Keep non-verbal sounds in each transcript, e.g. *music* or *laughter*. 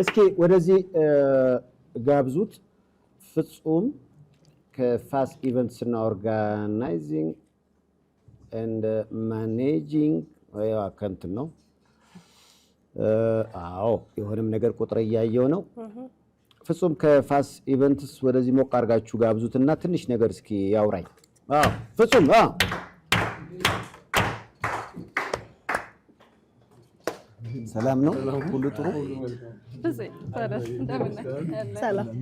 እስኪ ወደዚህ ጋብዙት። ፍጹም ከፋስት ኢቨንትስ እና ኦርጋናይዚንግ ኤንድ ማኔጂንግ አካንት ነው። አዎ የሆነም ነገር ቁጥር እያየው ነው። ፍጹም ከፋስ ኢቨንትስ ወደዚህ ሞቅ አድርጋችሁ ጋብዙት እና ትንሽ ነገር እስኪ ያውራኝ። ፍጹም ሰላም ነው? ሁሉ ጥሩ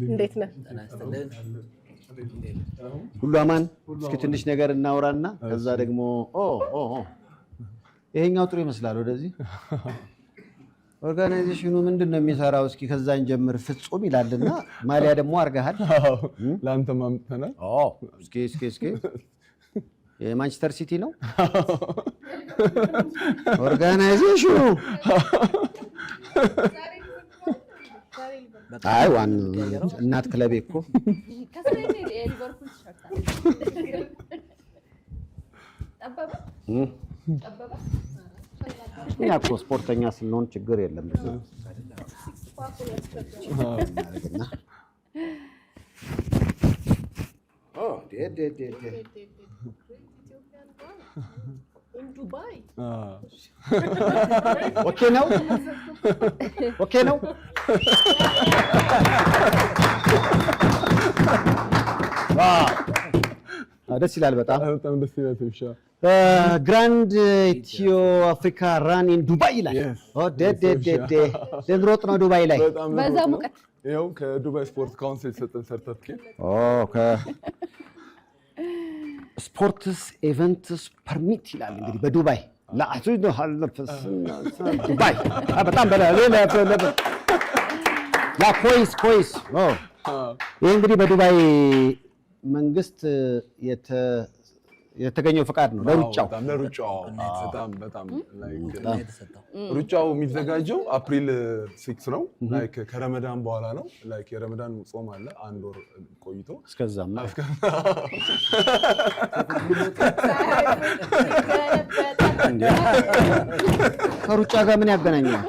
እንዴት ነህ? ሁሉ አማን። እስኪ ትንሽ ነገር እናውራና ከዛ ደግሞ ይሄኛው ጥሩ ይመስላል። ወደዚህ ኦርጋናይዜሽኑ ምንድን ነው የሚሰራው? እስኪ ከዛን ጀምር ፍጹም ይላልና ማሊያ ደግሞ አድርገሃል። ለአንተ ማምተናል። እስኪ እስኪ የማንቸስተር ሲቲ ነው ኦርጋናይዜሽኑ *laughs* አይ ዋን እናት ክለቤ እኮ እኛ እኮ ስፖርተኛ ስንሆን ችግር የለም። ኦኬ ነው፣ ኦኬ ነው። ደስ ይላል በጣም ግራንድ ኢትዮ አፍሪካ ራን ኢን ዱባይ ይላል። ልንሮጥ uh, oh, ነው ዱባይ ላይ በዛ ሙቀት። ይኸው ከዱባይ ስፖርት ካውንስል የተሰጠን ሰርተፍኬት oh, ስፖርትስ ኤቨንትስ ፐርሚት ይላል እንግዲህ በዱባይ ዱባይ በጣም ያ ኮይስ ኮይስ ይህ እንግዲህ በዱባይ መንግስት የተገኘው ፍቃድ ነው ለሩጫው ሩጫው የሚዘጋጀው አፕሪል ሲክስ ነው። ከረመዳን በኋላ ነው። የረመዳን ጾም አለ አንድ ወር ቆይቶ እስከዛም *laughs* ከሩጫ ጋር ምን ያገናኘዋል?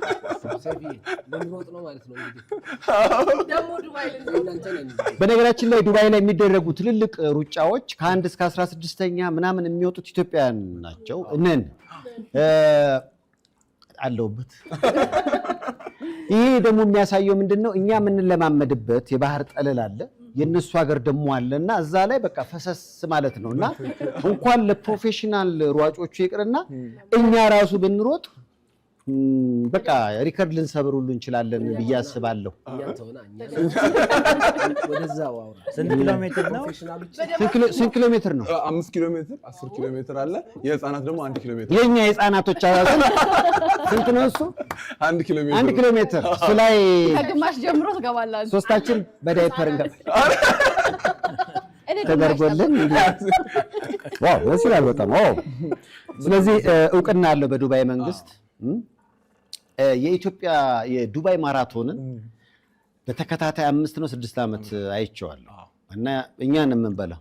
በነገራችን ላይ ዱባይ ላይ የሚደረጉ ትልልቅ ሩጫዎች ከአንድ እስከ 16ኛ ምናምን የሚወጡት ኢትዮጵያውያን ናቸው። እነን አለሁበት። ይሄ ደግሞ የሚያሳየው ምንድን ነው? እኛ የምንለማመድበት የባህር ጠለል አለ የእነሱ ሀገር ደግሞ አለ እና እዛ ላይ በቃ ፈሰስ ማለት ነው እና እንኳን ለፕሮፌሽናል ሯጮቹ ይቅርና እኛ ራሱ ብንሮጥ በቃ ሪከርድ ልንሰብር ሁሉ እንችላለን ብዬ አስባለሁ። ስንት ኪሎ ሜትር ነው? አምስት ኪሎ ሜትር፣ አስር ኪሎ ሜትር አለ። የህፃናት ደግሞ አንድ ኪሎ ሜትር። የኛ የህፃናቶች አላዘን ስንት ነው እሱ? አንድ ኪሎ ሜትር፣ አንድ ኪሎ ሜትር። እሱ ላይ ከግማሽ ጀምሮ ትገባላችሁ። ሶስታችን በዳይፐር ተደርጎልን ዋው፣ ደስ ይላል በጣም ዋው። ስለዚህ እውቅና አለው በዱባይ መንግስት የኢትዮጵያ የዱባይ ማራቶንን በተከታታይ አምስት ነው ስድስት ዓመት አይቼዋለሁ። እና እኛ ነው የምንበላው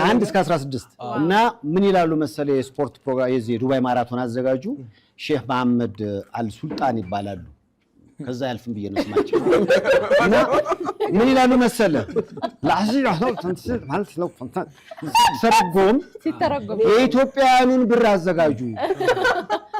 ከአንድ እስከ 16 እና ምን ይላሉ መሰለ የስፖርት ፕሮግራም የዚህ የዱባይ ማራቶን አዘጋጁ ሼህ መሐመድ አልሱልጣን ይባላሉ። ከዛ ያልፍም ብዬ ነው ስማቸው። *laughs* እና ምን ይላሉ መሰለ ሲተረጎም የኢትዮጵያውያኑን ብር አዘጋጁ *laughs*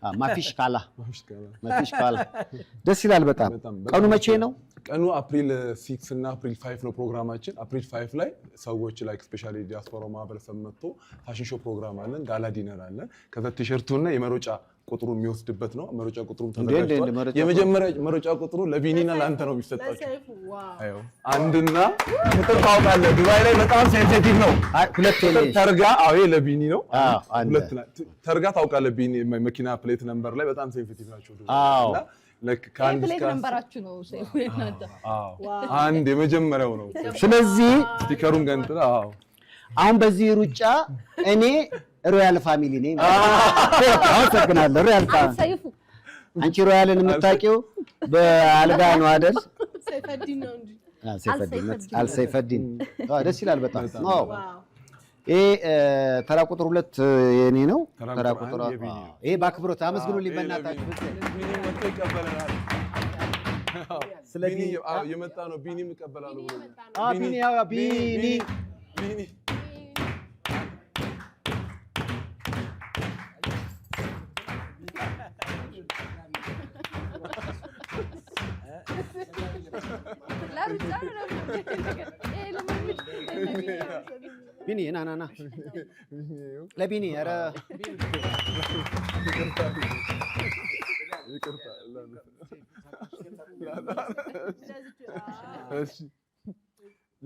*laughs* ማፊሽካላ ማፊሽካላ *laughs* ደስ ይላል በጣም። ቀኑ መቼ ነው? ቀኑ አፕሪል ሲክስ እና አፕሪል ፋይቭ ነው ፕሮግራማችን። አፕሪል ፋይቭ ላይ ሰዎች ላይ ስፔሻሊ ዲያስፖራ ማህበረሰብ መጥቶ ፋሽን ሾው ፕሮግራም አለን፣ ጋላ ዲነር አለን። ከዛ ቲሸርቱ እና የመሮጫ ቁጥሩ የሚወስድበት ነው። መሮጫ ቁጥሩ ተዘጋጅቷል። የመጀመሪያ መሮጫ ቁጥሩ ለቢኒና ለአንተ ነው የሚሰጣቸው። አንድና ቁጥር ታውቃለህ፣ ዱባይ ላይ በጣም ሴንሴቲቭ ነው። ተርጋ አዎ፣ ለቢኒ ነው። ተርጋ ታውቃለህ፣ ቢኒ መኪና ፕሌት ነምበር ላይ በጣም ሴንሴቲቭ ናቸው። አዎ አንድ የመጀመሪያው ነው። ስለዚህ ስቲከሩን ገንጥላ አሁን በዚህ ሩጫ እኔ ሮያል ፋሚሊ ነኝ። *laughs* አመሰግናለሁ። ሮያል ፋሚሊ አንቺ ሮያልን የምታውቂው በአልጋ ነው አይደል? አልሰይፈዲን ደስ ይላል በጣም ይሄ ተራ ቁጥር ሁለት የኔ ነው። ተራ ቁጥር ይሄ በአክብሮት አመስግኑ ሊበናታችሁ ቢኒ ቢኒ ለቢኒ ናናና ለቢኒ ኧረ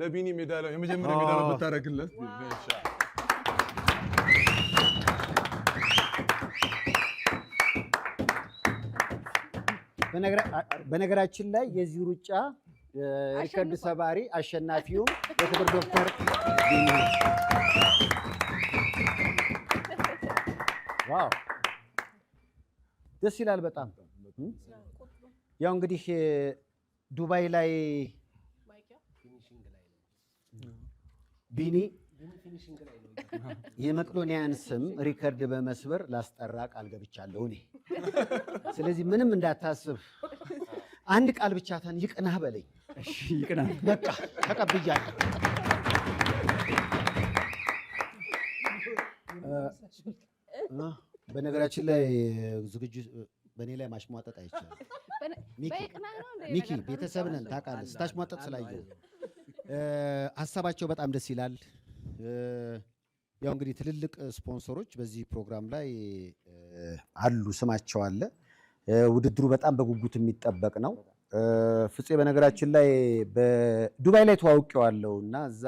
ለቢኒ ሜዳሊያ የመጀመሪያ ሜዳሊያ ah. ብታደርግለት በነገራችን ላይ የዚህ ሩጫ ሪከርድ ሰባሪ አሸናፊውም የክብር ዶክተር ደስ ይላል በጣም ያው እንግዲህ ዱባይ ላይ ቢኒ የመቅዶኒያን ስም ሪከርድ በመስበር ላስጠራ ቃል ገብቻለሁ እኔ። ስለዚህ ምንም እንዳታስብ፣ አንድ ቃል ብቻ ታን ይቅናህ በለኝ። በቃ ተቀብያለሁ። በነገራችን ላይ ዝግጁ በእኔ ላይ ማሽሟጠጥ አይቻልም። ሚኪ ቤተሰብ ነን ታውቃለህ። ስታሽሟጠጥ ስላየሁ ሀሳባቸው በጣም ደስ ይላል። ያው እንግዲህ ትልልቅ ስፖንሰሮች በዚህ ፕሮግራም ላይ አሉ፣ ስማቸው አለ። ውድድሩ በጣም በጉጉት የሚጠበቅ ነው። ፍፄ በነገራችን ላይ በዱባይ ላይ ተዋውቄዋለሁ እና እዛ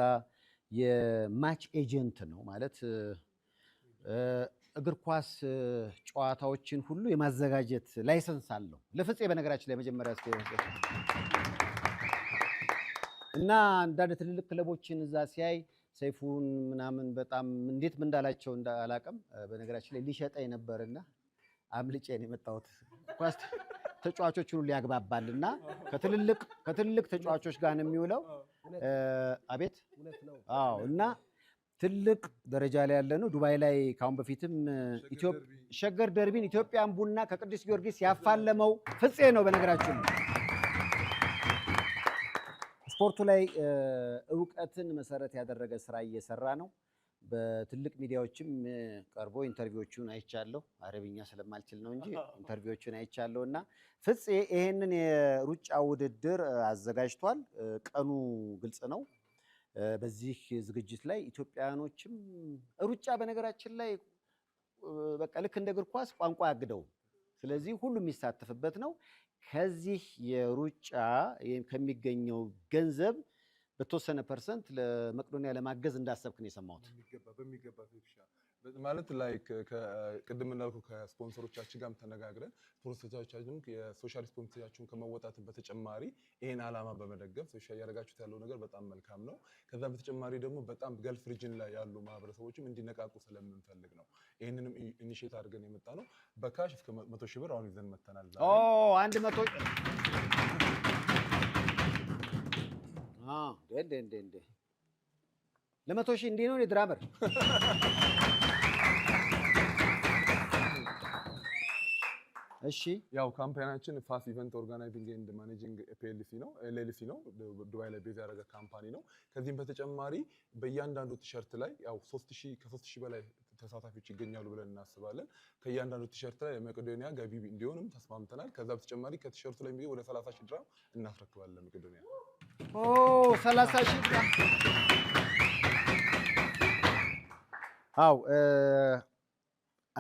የማች ኤጀንት ነው ማለት እግር ኳስ ጨዋታዎችን ሁሉ የማዘጋጀት ላይሰንስ አለው። ለፍፄ በነገራችን ላይ መጀመሪያ እና አንዳንድ ትልልቅ ክለቦችን እዛ ሲያይ ሰይፉን ምናምን በጣም እንዴት ምን እንዳላቸው አላውቅም። በነገራችን ላይ ሊሸጠኝ ነበርና አምልጬ ነው የመጣሁት። ኳስ ተጫዋቾች ሁሉ ያግባባልና ከትልልቅ ተጫዋቾች ጋር ነው የሚውለው። አቤት እና ትልቅ ደረጃ ላይ ያለ ነው። ዱባይ ላይ ካሁን በፊትም ሸገር ደርቢን ኢትዮጵያን ቡና ከቅዱስ ጊዮርጊስ ያፋለመው ፍፄ ነው። በነገራችን ስፖርቱ ላይ እውቀትን መሰረት ያደረገ ስራ እየሰራ ነው። በትልቅ ሚዲያዎችም ቀርቦ ኢንተርቪዎቹን አይቻለሁ። አረብኛ ስለማልችል ነው እንጂ *laughs* ኢንተርቪዎቹን አይቻለሁ እና ፍፄ ይሄንን የሩጫ ውድድር አዘጋጅቷል። ቀኑ ግልጽ ነው። በዚህ ዝግጅት ላይ ኢትዮጵያውያኖችም ሩጫ በነገራችን ላይ በቃ ልክ እንደ እግር ኳስ ቋንቋ አያግደውም። ስለዚህ ሁሉም የሚሳተፍበት ነው። ከዚህ የሩጫ ከሚገኘው ገንዘብ በተወሰነ ፐርሰንት ለመቅዶኒያ ለማገዝ እንዳሰብክ ነው የሰማሁት። ማለት ላይክ ቅድም እንዳልኩ ከስፖንሰሮቻችን ጋርም ተነጋግረን ስፖንሰሮቻችን የሶሻል ሪስፖንሲቢሊቲያችሁን ከመወጣት በተጨማሪ ይሄን አላማ በመደገፍ ሶሻል ያደረጋችሁት ያለው ነገር በጣም መልካም ነው። ከዛ በተጨማሪ ደግሞ በጣም ገልፍ ሪጅን ላይ ያሉ ማህበረሰቦችም እንዲነቃቁ ስለምንፈልግ ነው ይህንንም ኢኒሼት አድርገን የመጣ ነው። በካሽ እስከ መቶ ሺህ ብር አሁን ይዘን መተናል። አንድ መቶ እንዴ እንዴ ለመቶ ሺህ እንዲህ ነው ድራመር እሺ ያው ካምፓኒያችን ፋስ ኢቨንት ኦርጋናይዚንግ ኤንድ ማኔጂንግ ፒኤልሲ ነው ኤልኤልሲ ነው። ዱባይ ላይ ቤዝ ያደረገ ካምፓኒ ነው። ከዚህም በተጨማሪ በእያንዳንዱ ቲሸርት ላይ ያው ከሶስት ሺህ በላይ ተሳታፊዎች ይገኛሉ ብለን እናስባለን። ከእያንዳንዱ ቲሸርት ላይ ለመቄዶኒያ ገቢ እንዲሆንም ተስማምተናል። ከዛ በተጨማሪ ከቲሸርቱ ላይ የሚገኝ ወደ ሰላሳ ሺህ ድራም እናስረክባለን። መቄዶኒያ ሰላሳ ሺህ ድራም አው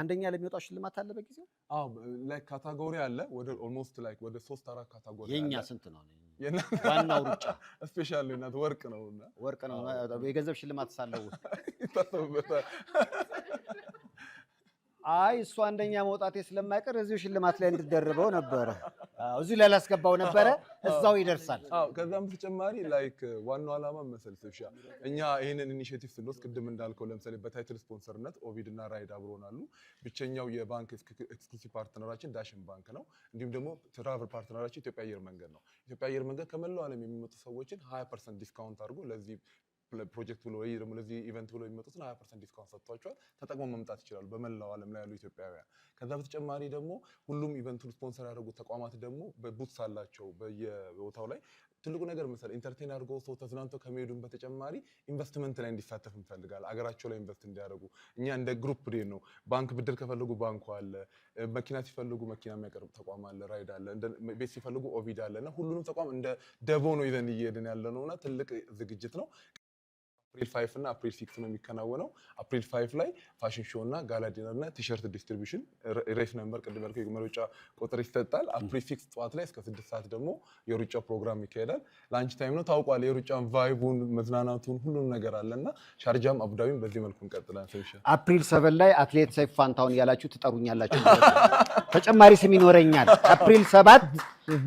አንደኛ ለሚወጣው ሽልማት አለ በጊዜው። አው ላይ ካታጎሪ አለ ወደ ኦልሞስት ላይክ ወደ 3 አራት ካታጎሪ። አለ የኛ ስንት ነው? ዋናው ሩጫ ስፔሻል እናት ወርቅ ነውና ወርቅ ነው። የገንዘብ ሽልማት ሳለው ይታሰብበታል። አይ እሱ አንደኛ መውጣቴ ስለማይቀር እዚሁ ሽልማት ላይ እንድደርበው ነበረ። እዚሁ ላይ ላስገባው ነበረ እዛው ይደርሳል። ከዛም በተጨማሪ ላይክ ዋናው ዓላማ መሰልሰሻ እኛ ይህንን ኢኒሽቲቭ ስንወስድ ቅድም እንዳልከው ለምሳሌ በታይትል ስፖንሰርነት ኦቪድ እና ራይድ አብሮናሉ። ብቸኛው የባንክ ኤክስክሉሲቭ ፓርትነራችን ዳሽን ባንክ ነው። እንዲሁም ደግሞ ትራቨል ፓርትነራችን ኢትዮጵያ አየር መንገድ ነው። ኢትዮጵያ አየር መንገድ ከመላው ዓለም የሚመጡ ሰዎችን 20 ፐርሰንት ዲስካውንት አድርጎ ለዚህ ፕሮጀክት ብሎ ወይ ደግሞ ለዚህ ኢቨንት ብሎ የሚመጡትን ሀያ ፐርሰንት ዲስካውንት ሰጥቷቸዋል። ተጠቅሞ መምጣት ይችላሉ በመላው ዓለም ላይ ያሉ ኢትዮጵያውያን። ከዛ በተጨማሪ ደግሞ ሁሉም ኢቨንቱን ስፖንሰር ያደረጉት ተቋማት ደግሞ በቡትስ አላቸው በየቦታው ላይ ትልቁ ነገር መሰለህ ኢንተርቴን አድርጎ ሰው ተዝናንቶ ከመሄዱን በተጨማሪ ኢንቨስትመንት ላይ እንዲሳተፍ እንፈልጋል። አገራቸው ላይ ኢንቨስት እንዲያደርጉ እኛ እንደ ግሩፕ ዴ ነው። ባንክ ብድር ከፈለጉ ባንኩ አለ፣ መኪና ሲፈልጉ መኪና የሚያቀርብ ተቋም አለ፣ ራይድ አለ፣ ቤት ሲፈልጉ ኦቪድ አለ እና ሁሉንም ተቋም እንደ ደቦ ነው ይዘን እየሄድን ያለ ነው እና ትልቅ ዝግጅት ነው። አፕሪል ፋይቭ እና አፕሪል ሲክስ ነው የሚከናወነው። አፕሪል ፋይቭ ላይ ፋሽን ሾው እና ጋላ ዲነር እና ቲሸርት ዲስትሪቢሽን ሬፍ ነምበር ቅድም ያልኩት የመሮጫ ቁጥር ይሰጣል። አፕሪል ሲክስ ጠዋት ላይ እስከ ስድስት ሰዓት ደግሞ የሩጫ ፕሮግራም ይካሄዳል። ላንች ታይም ነው ታውቋል። የሩጫን ቫይቡን፣ መዝናናቱን ሁሉም ነገር አለ እና ሻርጃም አቡዳቢን በዚህ መልኩ እንቀጥላል። አፕሪል ሰቨን ላይ አትሌት ሰይፍ ፋንታሁን ያላችሁ ትጠሩኛላችሁ። ተጨማሪ ስም ይኖረኛል። አፕሪል ሰባት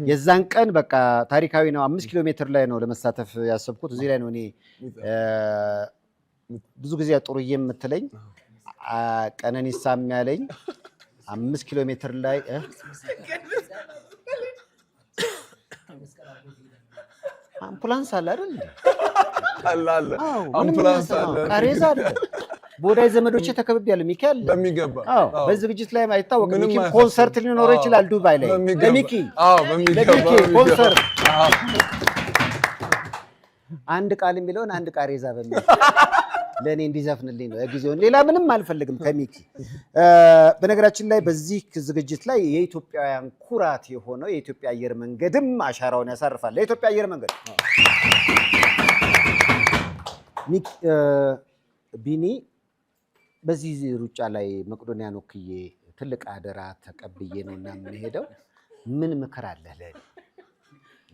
የዛን ቀን በቃ ታሪካዊ ነው። አምስት ኪሎ ሜትር ላይ ነው ለመሳተፍ ያሰብኩት። እዚህ ላይ ነው እኔ ብዙ ጊዜ ጥሩዬ የምትለኝ ቀነኒሳም ያለኝ አምስት ኪሎ ሜትር ላይ አምፑላንስ አለ አይደል? አለ አለ አለ፣ ቃሬዛ አለ በወዳጅ ዘመዶቼ ተከብቤያለሁ። ሚካኤል በሚገባ በዚህ በዝግጅት ላይ አይታወቅም። ሚኪ ኮንሰርት ሊኖረው ይችላል ዱባይ ላይ ለሚኪ ኮንሰርት አንድ ቃል የሚለውን አንድ ቃሬዛ በሚል *laughs* ለእኔ እንዲዘፍንልኝ ነው ጊዜውን። ሌላ ምንም አልፈልግም ከሚኪ። በነገራችን ላይ በዚህ ዝግጅት ላይ የኢትዮጵያውያን ኩራት የሆነው የኢትዮጵያ አየር መንገድም አሻራውን ያሳርፋል። ለኢትዮጵያ አየር መንገድ ቢኒ በዚህ ሩጫ ላይ መቅዶኒያን ወክዬ ትልቅ አደራ ተቀብዬ ነው እና የምንሄደው። ምን ምክር አለህ ለእኔ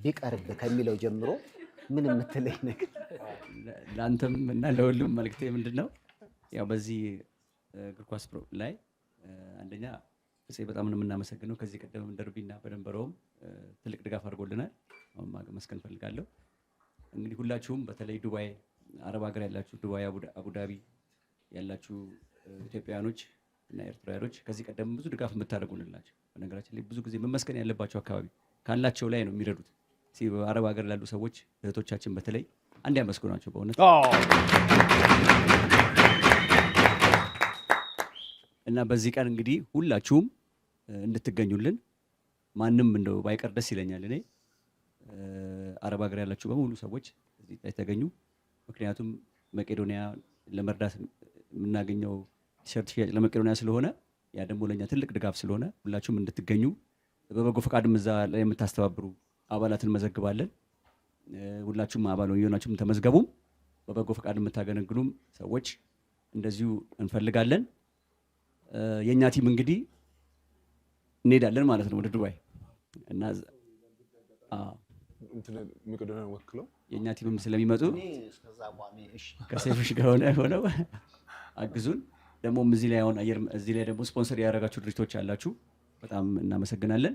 ቢቀርብ ከሚለው ጀምሮ ምን የምትለኝ ነገር? ለአንተም እና ለሁሉም መልክቴ ምንድን ነው? ያው በዚህ እግር ኳስ ላይ አንደኛ እሴ በጣም ነው የምናመሰግነው። ከዚህ ቀደም ደርቢና በደንበረውም ትልቅ ድጋፍ አድርጎልናል። አሁን ማመስገን ፈልጋለሁ። እንግዲህ ሁላችሁም በተለይ ዱባይ አረብ ሀገር ያላችሁ ዱባይ፣ አቡዳቢ ያላችሁ ኢትዮጵያውያኖች እና ኤርትራውያኖች ከዚህ ቀደም ብዙ ድጋፍ የምታደርጉንላቸው በነገራችን ላይ ብዙ ጊዜ መመስገን ያለባቸው አካባቢ ካላቸው ላይ ነው የሚረዱት። በአረብ ሀገር ላሉ ሰዎች እህቶቻችን በተለይ አንድ ያመስግኗቸው። በእውነት እና በዚህ ቀን እንግዲህ ሁላችሁም እንድትገኙልን ማንም እንደው ባይቀር ደስ ይለኛል። እኔ አረብ ሀገር ያላችሁ በሙሉ ሰዎች እዚህ ላይ ተገኙ። ምክንያቱም መቄዶንያ ለመርዳት የምናገኘው ቲሸርት ሽያጭ ለመቄዶንያ ስለሆነ ያ ደግሞ ለእኛ ትልቅ ድጋፍ ስለሆነ ሁላችሁም እንድትገኙ በበጎ ፈቃድም እዛ ላይ የምታስተባብሩ አባላት እንመዘግባለን። ሁላችሁም አባል የሆናችሁም ተመዝገቡም። በበጎ ፈቃድ የምታገለግሉም ሰዎች እንደዚሁ እንፈልጋለን። የእኛ ቲም እንግዲህ እንሄዳለን ማለት ነው ወደ ዱባይ እና መቄዶንያን ወክለው የእኛ ቲምም ስለሚመጡ ከሰይፍሽ ጋር ሆነ ሆነው አግዙን። ደግሞም እዚህ ላይ አሁን አየር እዚህ ላይ ደግሞ ስፖንሰር ያደረጋችሁ ድርጅቶች አላችሁ በጣም እናመሰግናለን።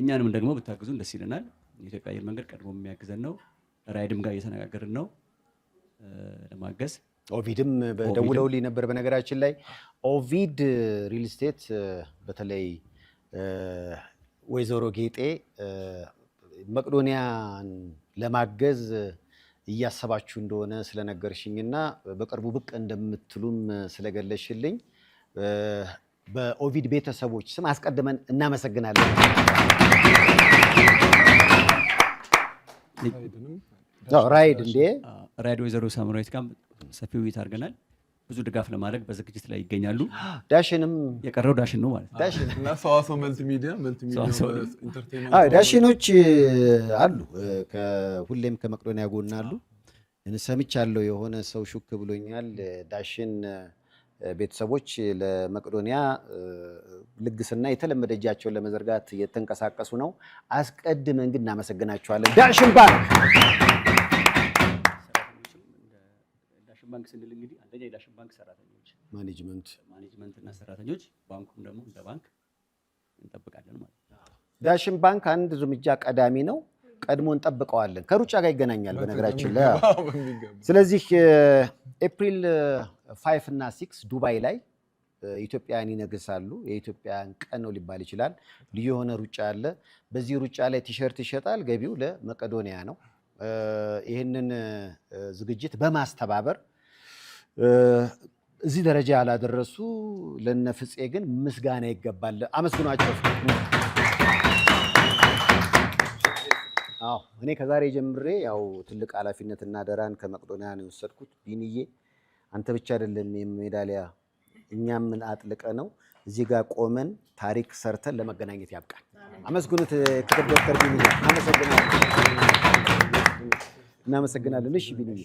እኛንም ደግሞ ብታግዙን ደስ ይለናል። የኢትዮጵያ አየር መንገድ ቀድሞ የሚያግዘን ነው። ራይድም ጋር እየተነጋገርን ነው ለማገዝ። ኦቪድም ደውለውልኝ ነበር። በነገራችን ላይ ኦቪድ ሪል ስቴት በተለይ ወይዘሮ ጌጤ መቅዶኒያን ለማገዝ እያሰባችሁ እንደሆነ ስለነገርሽኝና በቅርቡ ብቅ እንደምትሉም ስለገለሽልኝ በኦቪድ ቤተሰቦች ስም አስቀድመን እናመሰግናለን። ራይድ እንዴ ራይድ ወይዘሮ ሳምራዊት ጋር ሰፊ ውይይት አድርገናል። ብዙ ድጋፍ ለማድረግ በዝግጅት ላይ ይገኛሉ። ዳሽንም የቀረው ዳሽን ነው ማለት ነው። ሰዋሰው ዳሽኖች አሉ፣ ሁሌም ከመቅዶኒያ ጎን አሉ። ሰምቻለሁ፣ የሆነ ሰው ሹክ ብሎኛል። ዳሽን ቤተሰቦች ለመቅዶኒያ ልግስና የተለመደ እጃቸውን ለመዘርጋት እየተንቀሳቀሱ ነው። አስቀድመን ግን እናመሰግናቸዋለን ዳሽን ባንክ ባንክ ስንል እንግዲህ አንደኛ የዳሽን ባንክ ሰራተኞች ማኔጅመንት ማኔጅመንት እና ሰራተኞች ባንኩም ደግሞ እንደ ባንክ እንጠብቃለን ማለት ነው። ዳሽን ባንክ አንድ እርምጃ ቀዳሚ ነው። ቀድሞ እንጠብቀዋለን። ከሩጫ ጋር ይገናኛል በነገራችን ላይ። ስለዚህ ኤፕሪል ፋይቭ እና ሲክስ ዱባይ ላይ ኢትዮጵያን ይነግሳሉ። የኢትዮጵያን ቀን ነው ሊባል ይችላል። ልዩ የሆነ ሩጫ አለ። በዚህ ሩጫ ላይ ቲሸርት ይሸጣል። ገቢው ለመቄዶንያ ነው። ይህንን ዝግጅት በማስተባበር እዚህ ደረጃ ያላደረሱ ለነ ፍፄ ግን ምስጋና ይገባል። አመስግኗቸው። እኔ ከዛሬ ጀምሬ ያው ትልቅ ኃላፊነት እና ደራን ከመቅዶኒያ ነው የወሰድኩት። ቢንዬ አንተ ብቻ አይደለም ሜዳሊያ እኛ ምን አጥልቀ ነው እዚህ ጋር ቆመን ታሪክ ሰርተን ለመገናኘት ያብቃል። አመስግኑት። ክትል ዶክተር ቢንዬ እናመሰግናለን። እሺ ቢንዬ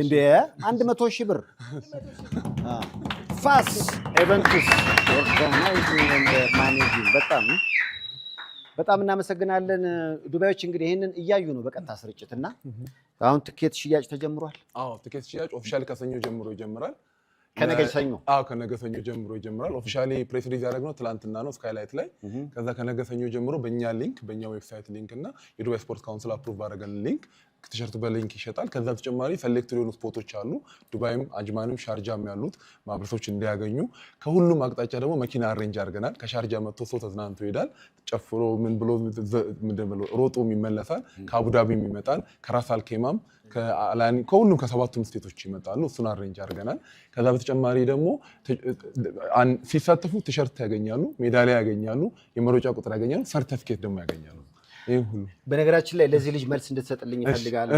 እንዴ አንድ መቶ ሺህ ብር ፋስ ኤቨንቱስ በጣም በጣም እናመሰግናለን። ዱባዮች እንግዲህ ይህንን እያዩ ነው በቀጥታ ስርጭት እና አሁን ትኬት ሽያጭ ተጀምሯል። አዎ ትኬት ሽያጭ ኦፊሻል ከሰኞ ጀምሮ ይጀምራል። ከነገ ሰኞ አዎ ከነገ ሰኞ ጀምሮ ይጀምራል። ኦፊሻሊ ፕሬስ ሪሊዝ ያደረግነው ትላንትና ነው ስካይላይት ላይ። ከዛ ከነገ ሰኞ ጀምሮ በእኛ ሊንክ በእኛ ዌብሳይት ሊንክ እና የዱባይ ስፖርት ካውንስል አፕሩቭ ባደረገን ሊንክ ቲሸርት በሊንክ ይሸጣል። ከዛ በተጨማሪ ሰሌክት የሆኑ ስፖቶች አሉ። ዱባይም፣ አጅማንም ሻርጃም ያሉት ማብረቶች እንዲያገኙ ከሁሉም አቅጣጫ ደግሞ መኪና አሬንጅ አድርገናል። ከሻርጃ መጥቶ ሰው ተዝናንቶ ይሄዳል። ጨፍሮ ምን ብሎ ሮጦም ይመለሳል። ከአቡዳቢም ይመጣል። ከራስ አልኬማም ከሁሉም ከሰባቱም ስቴቶች ይመጣሉ። እሱን አሬንጅ አድርገናል። ከዛ በተጨማሪ ደግሞ ሲሳተፉ ቲሸርት ያገኛሉ፣ ሜዳሊያ ያገኛሉ፣ የመሮጫ ቁጥር ያገኛሉ፣ ሰርተፍኬት ደግሞ ያገኛሉ። በነገራችን ላይ ለዚህ ልጅ መልስ እንድትሰጥልኝ እፈልጋለሁ።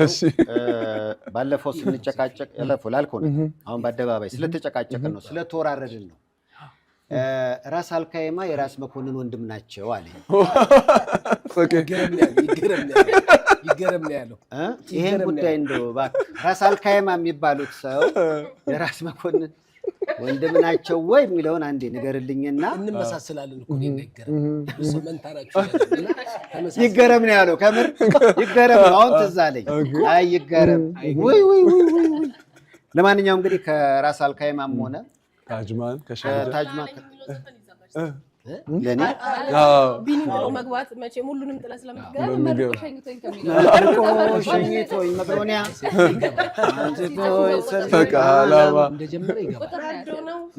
ባለፈው ስንጨቃጨቅ ያለፈው ላልከው ነው። አሁን በአደባባይ ስለተጨቃጨቅን ነው፣ ስለተወራረድን ነው። ራስ አልካይማ የራስ መኮንን ወንድም ናቸው አለ። ይገረም ይህን ጉዳይ እንደው እባክህ ራስ አልካይማ የሚባሉት ሰው የራስ መኮንን ወንድም ናቸው ወይ የሚለውን አንዴ ንገርልኝና እንመሳስላለን ይገረም ነው ያለው። ከምር ይገረም ነው። አሁን ትዝ አለኝ። አይ ይገረም ወይ ወይ ወይ ለማንኛውም እንግዲህ ከራስ አልካይማም ሆነ ታጅማን ከሻ ታጅማ መግባት መቼም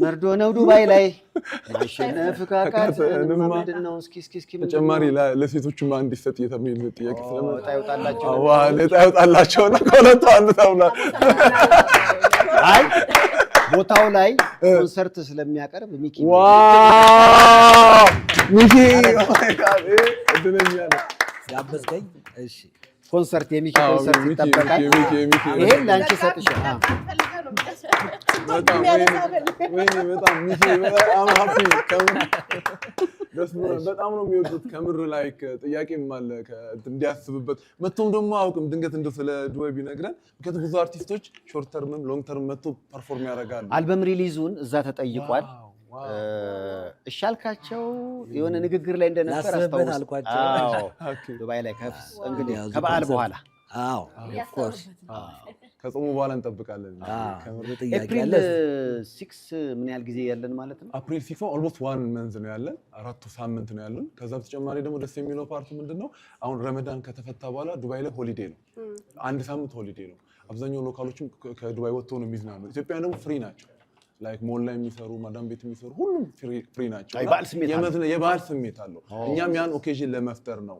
መርዶ ነው ዱባይ ላይ ተጨማሪ ለሴቶቹም አንድ ይሰጥ የተሚል ጥያቄ ስለመጣ ይወጣላቸው ከሁለቱ አንዱ ተብሏል። ቦታው ላይ ኮንሰርት ስለሚያቀርብ ሚኪ ሚኪ ያበዝገኝ ኮንሰርት የሚኪ ኮንሰርት ይጠበቃል። ይሄን ለአንቺ ሰጥሻል። በጣም ነው የሚወዱት ከምር ላይ ጥያቄም አለ እንዲያስብበት መቶም ደግሞ አያውቅም ድንገት እንደ ስለ ድወይ ቢነግረን ምክንያቱም ብዙ አርቲስቶች ሾርት ተርምም ሎንግ ተርም መቶ ፐርፎርም ያደርጋሉ። አልበም ሪሊዙን እዛ ተጠይቋል። እሻልካቸው የሆነ ንግግር ላይ እንደነበር አስታውሳለሁ። ዱባይ ላይ ከበዓል በኋላ ከጾሙ በኋላ እንጠብቃለን። ኤፕሪል ሲክስ ምን ያህል ጊዜ ያለን ማለት ነው? አፕሪል ሲክስ ኦልሞስት ዋን መንዝ ነው ያለን፣ አራቱ ሳምንት ነው ያለን። ከዛ በተጨማሪ ደግሞ ደስ የሚለው ፓርቱ ምንድን ነው? አሁን ረመዳን ከተፈታ በኋላ ዱባይ ላይ ሆሊዴ ነው፣ አንድ ሳምንት ሆሊዴ ነው። አብዛኛው ሎካሎችም ከዱባይ ወጥቶ ነው የሚዝናኑ። ኢትዮጵያ ደግሞ ፍሪ ናቸው ላይክ ሞል ላይ የሚሰሩ ማዳም ቤት የሚሰሩ ሁሉም ፍሪ ናቸው። ስሜት አለው። እኛም ያን ኦኬዥን ለመፍጠር ነው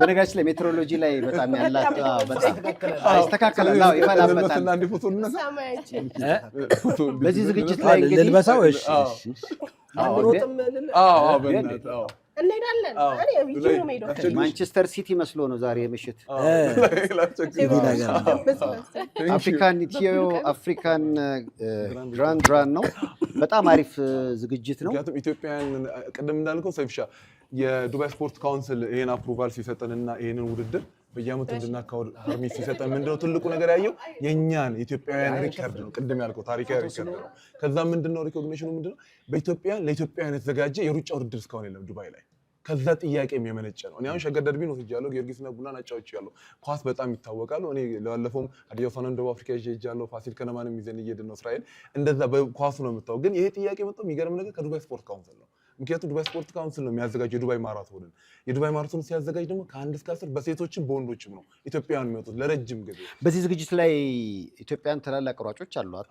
በነገራችን ላይ ሜትሮሎጂ ላይ በጣም ያላት በዚህ ዝግጅት ላይ ልልበሳው ማንቸስተር ሲቲ መስሎ ነው ዛሬ ምሽት አፍሪካን ኢትዮ አፍሪካን ግራንድ ራን ነው። በጣም አሪፍ ዝግጅት ነው። ኢትዮጵያን ቅድም እንዳልከው ሰይፍሻ የዱባይ ስፖርት ካውንስል ይህን አፕሩቫል ሲሰጠንና ይህንን ውድድር በየአመቱ እንድናካወድ ሀርሚት ሲሰጠን ምንድነው ትልቁ ነገር ያየው የእኛን ኢትዮጵያውያን ሪከርድ ነው። ቅድም ያልከው ታሪካዊ ሪከርድ ነው። ከዛ ምንድነው ሪኮግኒሽኑ ምንድነው በኢትዮጵያ ለኢትዮጵያውያን የተዘጋጀ የሩጫ ውድድር እስካሁን የለም ዱባይ ላይ። ከዛ ጥያቄም የመነጨ ነው። እኔ አሁን ሸገር ደርቢን ወስጃለሁ፣ ጊዮርጊስና ቡና ናጫዎች ያለው ኳስ በጣም ይታወቃሉ። እኔ ለባለፈውም አዲያ ፋናን ደቡብ አፍሪካ ይዤ ያለው ፋሲል ከነማንም ይዘን እየሄድን ነው። እስራኤል እንደዛ በኳሱ ነው የምታወቅ። ግን ይሄ ጥያቄ መጣው የሚገርም ነገር ከዱባይ ስፖርት ካውንስል ነው ምክንያቱም ዱባይ ስፖርት ካውንስል ነው የሚያዘጋጀው የዱባይ ማራቶንን። የዱባይ ማራቶን ሲያዘጋጅ ደግሞ ከአንድ እስከ አስር በሴቶችም በወንዶችም ነው ኢትዮጵያውያን የሚወጡት ለረጅም ጊዜ። በዚህ ዝግጅት ላይ ኢትዮጵያን ትላላቅ ሯጮች አሏት።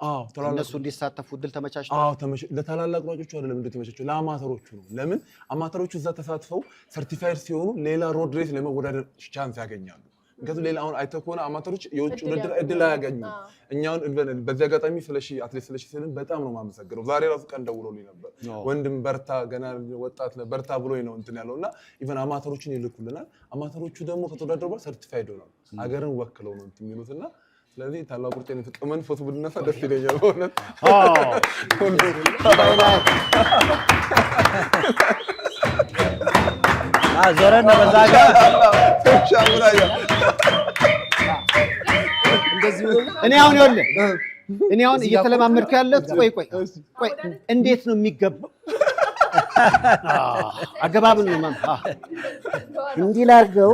እነሱ እንዲሳተፉ እድል ተመቻችቷል። ለታላላቅ ሯጮቹ አይደለም እንደ ተመቻቸው ለአማተሮቹ ነው። ለምን አማተሮቹ እዛ ተሳትፈው ሰርቲፋይድ ሲሆኑ ሌላ ሮድ ሬስ ለመወዳደር ቻንስ ያገኛሉ። ምክንያቱም ሌላ አሁን አይተህ ከሆነ አማተሮች የውጭ ውድድር እድል አያገኙ። እኛውን በዚህ አጋጣሚ ስለሺ አትሌት ስለሺ ስልን በጣም ነው የማመሰግነው። ዛሬ ራሱ ቀን ደውሎልኝ ነበር። ወንድም በርታ፣ ገና ወጣት በርታ ብሎኝ ነው እንትን ያለው እና ኢቨን አማተሮችን ይልኩልናል። አማተሮቹ ደግሞ ከተወዳደሩ በኋላ ሰርቲፋይድ ሆነው ሀገርን ወክለው ነው እንትን የሚሉት እና ስለዚህ ታላቁ ሩጫ ፍቅምን ፎቶ ብንነሳ ደስ ይለኛል በእውነት *laughs* *laughs* ዞረን በዛ እኔ አሁን ይኸውልህ እኔ አሁን እየተለማመድኩ ያለት ቆይ ቆይ ቆይ እንዴት ነው የሚገባው? አገባብን ነው እንዲህ ላድርገው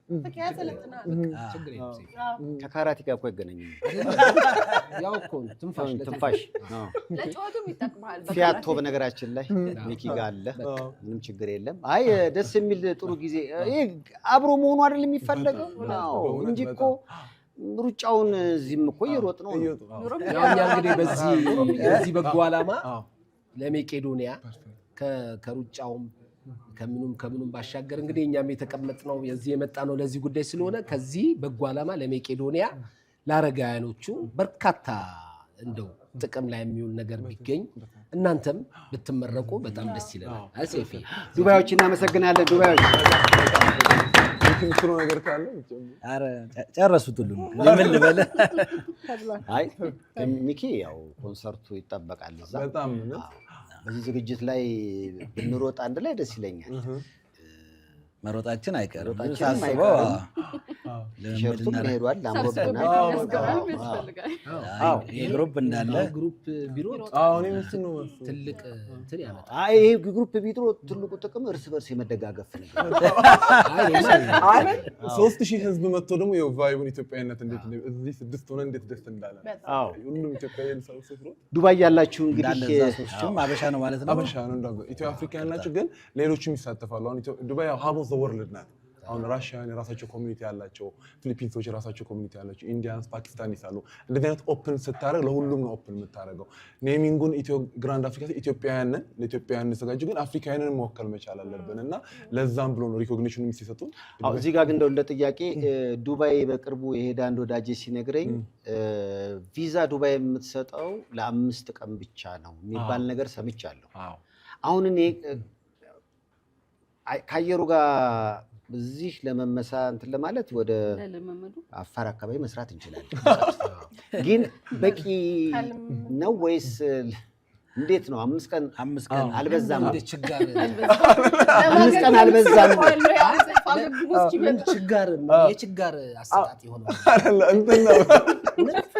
ከካራቲ ጋር እኮ አይገናኝም። *laughs* ያው እኮ ትንፋሽ ፊያቶ በነገራችን ላይ ሚኪ ጋር አለ። ምንም ችግር የለም። አይ ደስ የሚል ጥሩ ጊዜ አብሮ መሆኑ አይደል የሚፈለገው እንጂ እኮ ሩጫውን እዚህም እኮ እየሮጥ ነው። እኛ እንግዲህ በዚህ በጎ ዓላማ ለሜቄዶንያ ከሩጫውም ከምኑም ከምኑም ባሻገር እንግዲህ እኛም የተቀመጥነው የዚህ የመጣ ነው ለዚህ ጉዳይ ስለሆነ ከዚህ በጎ ዓላማ ለመቄዶንያ ለአረጋውያኖቹ በርካታ እንደው ጥቅም ላይ የሚውል ነገር ቢገኝ እናንተም ብትመረቁ በጣም ደስ ይለናል። ሴፊ ዱባዮች እናመሰግናለን። ዱባዮች ነገር ካለ ጨረሱት ሁሉ ምን ልበል? አይ ሚኪ ያው ኮንሰርቱ ይጠበቃል እዛ በዚህ ዝግጅት ላይ ብንሮጥ አንድ ላይ ደስ ይለኛል። መሮጣችን አይቀርም። ሳስበው ግሩፕ እንዳለ ግሩፕ ቢሮጥ ትልቁ ጥቅም እርስ በርስ የመደጋገፍ ሶስት ሺህ ህዝብ መጥቶ ደግሞ የቫይቡን ኢትዮጵያዊነት እዚህ ስድስት ሆነ እንዴት ደስ እንዳለ ሁሉም ኢትዮጵያዊ ዱባይ ያላችሁ እንግዲህ አበሻ ነው ማለት ነው። ኢትዮ አፍሪካ ያላችሁ ግን ሌሎችም ይሳተፋሉ። ዱባይ ሀሙስ ዘ ወርልድ ናት። አሁን ራሽያን የራሳቸው ኮሚኒቲ ያላቸው፣ ፊሊፒንሶች የራሳቸው ኮሚኒቲ ያላቸው፣ ኢንዲያንስ፣ ፓኪስታኒስ አሉ። እንደዚህ አይነት ኦፕን ስታደርግ ለሁሉም ነው ኦፕን የምታደርገው። ኔሚንጉን ግራንድ አፍሪካ ኢትዮጵያውያንን ለኢትዮጵያውያን የተዘጋጁ ግን አፍሪካውያንን መወከል መቻል አለብን እና ለዛም ብሎ ነው ሪኮግኒሽኑ ሚስ እዚህ ጋር ግን እንደው እንደ ጥያቄ ዱባይ በቅርቡ የሄደ አንድ ወዳጄ ሲነግረኝ ቪዛ ዱባይ የምትሰጠው ለአምስት ቀን ብቻ ነው የሚባል ነገር ሰምቻለሁ። አሁን እኔ ከአየሩ ጋር እዚህ ለመመሳ እንትን ለማለት ወደ አፋር አካባቢ መስራት እንችላለን። *laughs* ግን በቂ ነው ወይስ እንዴት ነው? አምስት ቀን አልበዛም? አምስት ቀን አልበዛም? ችጋር የችጋር አሰጣጥ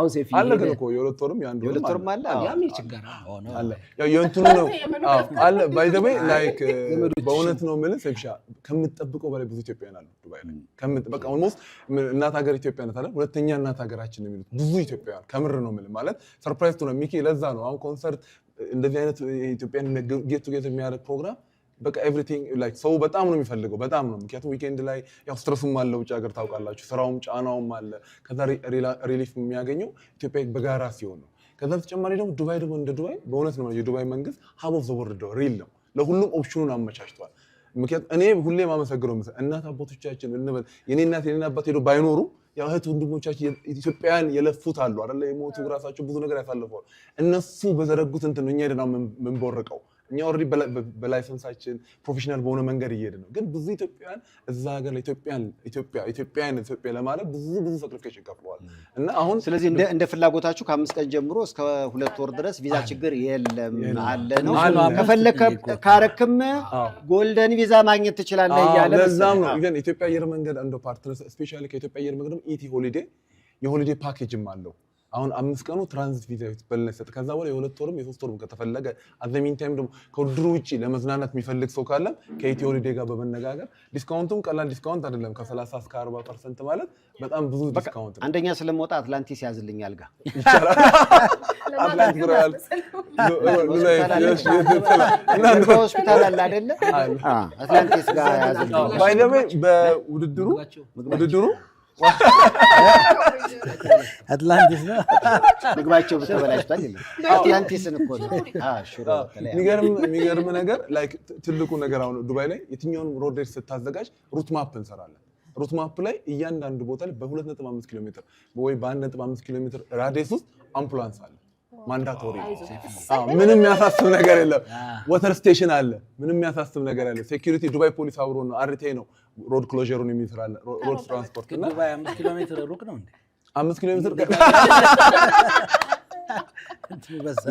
አሁን ሴፍ አለ ግን እኮ የሁለት ወርም የአንድ ወርም አለ። ያም ችግር አለ። ያው የእንትኑ ነው አለ ባይ ዘ ወይ ላይክ በእውነት ነው የምልህ ሴፍሻ ከምትጠብቀው በላይ ብዙ ኢትዮጵያውያን አሉ ዱባይ ላይ ከምት በቃ ኦልሞስት እናት ሀገር ኢትዮጵያ ናት አለ ሁለተኛ እናት ሀገራችን ነው የሚሉት ብዙ ኢትዮጵያውያን ከምር ነው የምልህ ማለት ሰርፕራይዝ ነው ሚኪ። ለዛ ነው አሁን ኮንሰርት እንደዚህ አይነት ኢትዮጵያን ጌት ቱጌት የሚያደርግ ፕሮግራም በቃ ኤቭሪቲንግ ላይክ ሰው በጣም ነው የሚፈልገው፣ በጣም ነው። ምክንያቱም ዊኬንድ ላይ ያው ስትረሱም አለ፣ ውጭ ሀገር ታውቃላችሁ፣ ስራውም ጫናውም አለ። ከዛ ሪሊፍ የሚያገኘው ኢትዮጵያ በጋራ ሲሆን ነው። ከዛ በተጨማሪ ደግሞ ዱባይ ደግሞ እንደ ዱባይ በእውነት ነው የዱባይ መንግስት ሀብ ኦፍ ዘ ወርልድ ሪል ነው። ለሁሉም ኦፕሽኑን አመቻችተዋል። ምክንያቱ እኔ ሁሌ ማመሰግነው ምስል እናት አባቶቻችን እንበል የኔ እናት የኔ አባት ሄዶ ባይኖሩ ያው እህት ወንድሞቻችን ኢትዮጵያውያን የለፉት አሉ አይደለ? የሞቱ ራሳቸው ብዙ ነገር ያሳልፈዋል። እነሱ በዘረጉት እንትን እኛ ደና ምንቦርቀው እኛ ኦልሬዲ በላይሰንሳችን ፕሮፌሽናል በሆነ መንገድ እየሄድ ነው። ግን ብዙ ኢትዮጵያን እዛ ሀገር ኢትዮጵያን ኢትዮጵያ ለማለት ብዙ ብዙ ሰክሪፊኬሽን ከፍለዋል እና አሁን ስለዚህ እንደ ፍላጎታችሁ ከአምስት ቀን ጀምሮ እስከ ሁለት ወር ድረስ ቪዛ ችግር የለም አለ ነው። ከፈለከ ካረክም ጎልደን ቪዛ ማግኘት ትችላለህ እያለ ለዛም ነው ኢቨን ኢትዮጵያ አየር መንገድ እንደ ፓርትነር ስፔሻሊ ከኢትዮጵያ አየር መንገድ ኢቲ ሆሊዴ የሆሊዴ ፓኬጅም አለው አሁን አምስት ቀኑ ትራንዚት ቪዛ በለሰጥ ከዛ በኋላ የሁለት ወርም የሶስት ወርም ከተፈለገ አዘሚን ታይም ደግሞ ከውድሩ ውጭ ለመዝናናት የሚፈልግ ሰው ካለም ከኢትዮ ሆሊዴ ጋር በመነጋገር ዲስካውንቱም ቀላል ዲስካውንት አይደለም። ከ30 እስከ 40 ፐርሰንት ማለት በጣም ብዙ ዲስካውንት ነው። አንደኛ ስለመውጣ አትላንቲስ ያዝልኝ አልጋ ሆስፒታል አለ አይደለ? አትላንቲስ ጋር ያዝልኝ በውድድሩ ውድድሩ አትላንቲስ ነው ምግባቸው ተበላሽቷል። አትላንቲስን እኮ የሚገርም ነገር ትልቁ ነገር አሁን ዱባይ ላይ የትኛውን ሮዴድ ስታዘጋጅ ሩት ማፕ እንሰራለን። ሩት ማፕ ላይ እያንዳንዱ ቦታ ላይ በ2.5 ኪሎ ሜትር ወይ በ1.5 ኪሎ ሜትር ራዴስ ውስጥ አምቡላንስ አለ። ማንዳቶሪ ምንም የሚያሳስብ ነገር የለም። ወተር ስቴሽን አለ። ምንም የሚያሳስብ ነገር አለ። ሴኩሪቲ ዱባይ ፖሊስ አብሮ ነው። አርቴ ነው ሮድ ክሎዥሩን የሚስራለ ሮድ ትራንስፖርት እና አምስት ኪሎ ሜትር ሩቅ ነው እንዴ? አምስት ኪሎ ሜትር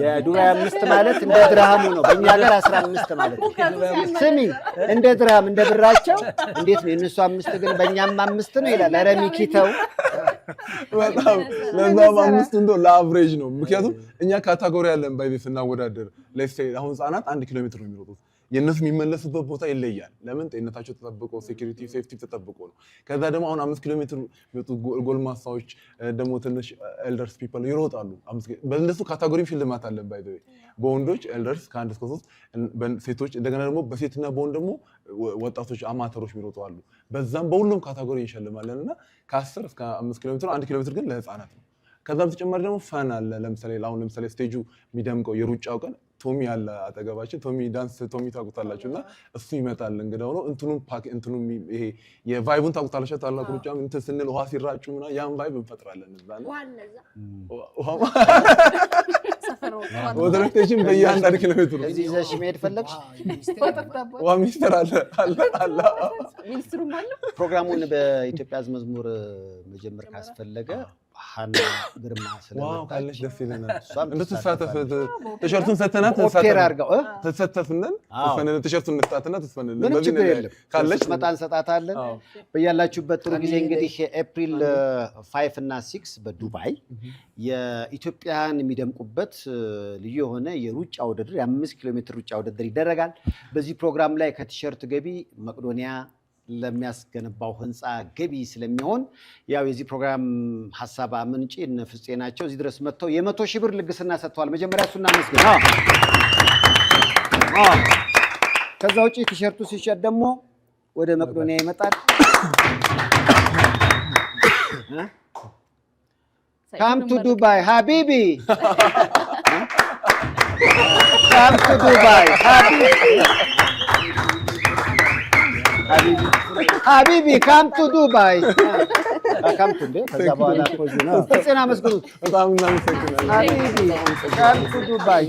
የዱባይ አምስት ማለት እንደ ድርሃሙ ነው። በእኛ ሀገር አስራ አምስት ማለት ስሚ እንደ ድርሃም እንደ ብራቸው እንዴት ነው? የእነሱ አምስት ግን በእኛም አምስት ነው ይላል። ኧረ በጣም ለዛም አምስት እንደ ነው። ምክንያቱም እኛ ካታጎሪ ያለን ባይቤ ስናወዳደር አሁን አንድ ኪሎ ሜትር ነው የሚሮጡት የእነሱ የሚመለሱበት ቦታ ይለያል። ለምን ጤንነታቸው ተጠብቆ ሴኩሪቲ ሴፍቲ ተጠብቆ ነው። ከዛ ደግሞ አሁን አምስት ኪሎ ሜትር የሚወጡ ጎልማሳዎች ደግሞ ትንሽ ኤልደርስ ፒፐል ይሮጣሉ። በእነሱ ካታጎሪም ሽልማት አለን። ባይ ዘ ወይ በወንዶች ኤልደርስ ከአንድ እስከ ሶስት ሴቶች እንደገና ደግሞ በሴትና በወንድ ደግሞ ወጣቶች አማተሮች የሚሮጡ አሉ። በዛም በሁሉም ካታጎሪ እንሸልማለን እና ከአስር እስከ አምስት ኪሎ ሜትር አንድ ኪሎ ሜትር ግን ለህፃናት ነው። ከዛ በተጨማሪ ደግሞ ፈን አለ። ለምሳሌ አሁን ለምሳሌ ስቴጁ የሚደምቀው የሩጫው ቀን ቶሚ አለ አጠገባችን። ቶሚ ዳንስ ቶሚ ታውቁታላችሁ፣ እና እሱ ይመጣል እንግዳ ነው። እንትኑም ፓክ እንትኑም ይሄ የቫይቡን ታውቁታላችሁ። ታላቁ ሩጫ እንትን ስንል ውሃ ሲራጩ ምና ያን ቫይብ እንፈጥራለን። እዛ ነው ወደ ረክቴሽን በየአንዳንድ ኪሎ ሜትሩ ይዘሽ መሄድ ፈለግሽ። ዋ ሚኒስትር አለ አለ አለ ፕሮግራሙን በኢትዮጵያ ሕዝብ መዝሙር መጀመር ካስፈለገ ሀና ግርማ ስለመጣች ደስ ይለናል። እንድትሳተፍ ቲሸርቱን ሰተናት ትሰተፍነን ቲሸርቱን እንስጣትና ትስፈንልን ምንም ችግር የለም። ካለች መጣ እንሰጣታለን። በያላችሁበት ጥሩ ጊዜ። እንግዲህ ኤፕሪል ፋይቭ እና ሲክስ በዱባይ የኢትዮጵያን የሚደምቁበት ልዩ የሆነ የሩጫ ውድድር የአምስት ኪሎ ሜትር ሩጫ ውድድር ይደረጋል። በዚህ ፕሮግራም ላይ ከቲሸርት ገቢ መቅዶኒያ ለሚያስገነባው ህንፃ ገቢ ስለሚሆን ያው የዚህ ፕሮግራም ሀሳብ አመንጪ እነ ፍፄ ናቸው። እዚህ ድረስ መጥተው የመቶ ሺህ ብር ልግስና ሰጥተዋል። መጀመሪያ እሱና መስገን። ከዛ ውጭ ቲሸርቱ ሲሸጥ ደግሞ ወደ መቅዶኒያ ይመጣል። ካም ቱ ዱባይ ሀቢቢ ካም ቱ ዱባይ ሀቢቢ ሀቢቢ ካምቱ ዱባይ ካምቱ እንዴ። ከዛ በኋላ ነው አመስግኑት። በጣም እናመሰግናለን ሀቢቢ ካምቱ ዱባይ